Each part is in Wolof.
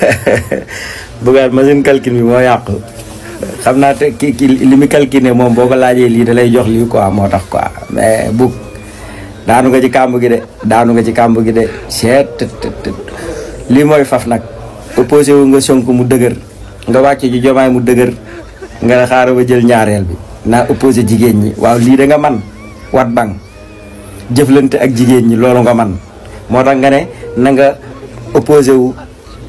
Bougane machine calcul bi moo yàqu xam naa te ki ki li mu calculé moom boo ko laajee lii da lay jox lii quoi moo tax quoi mais bug daanu nga ci kàmb gi de daanu nga ci kàmb gi de seet lii mooy faf nag opposé wu nga Sonko mu dëgër nga wàcce ji jomaay mu dëgër nga ne xaaral ba jël ñaareel bi naa opposé jigéen ñi waaw lii da nga man wat bang jëflante ak jigéen ñi loolu nga man moo tax nga ne na nga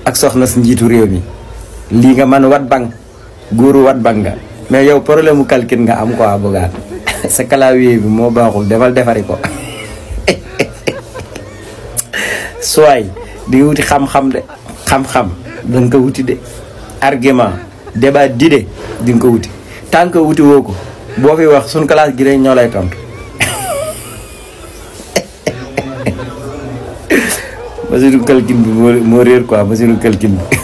ak soxna si njiitu réew mi lii nga man wat bang góoru wat bang nga mais yow problème mu calcul nga am quoi bugaat sa clavier bi moo baaxul defal defari ko suwaay di nga wuti xam-xam de xam-xam da nga ko wuti de argument débat di de di ko wuti tant que wuti woo ko boo fi wax suñ classe gi rek ñoo lay tontu. Basiru calcul bi moo moo réer quoi Basiru calcul bi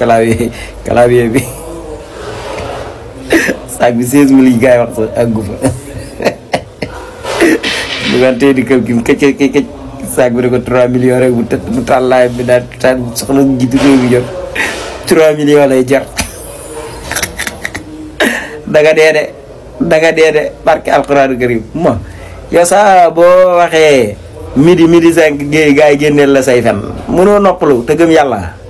clavier clavier bi sac bi 16000 yi gars yi wax sax fa bu nga tey di calcul këcc këcc sac bi ne ko millions rek mu taal laay bi daal taal soxna jiitu réew mi jot 3 millions lay jar danga dee de danga dee de barke alxuraanu saa boo waxee. midi midi cinq géey gars yi génneel la say fen mënoo noppalu te gëm yàlla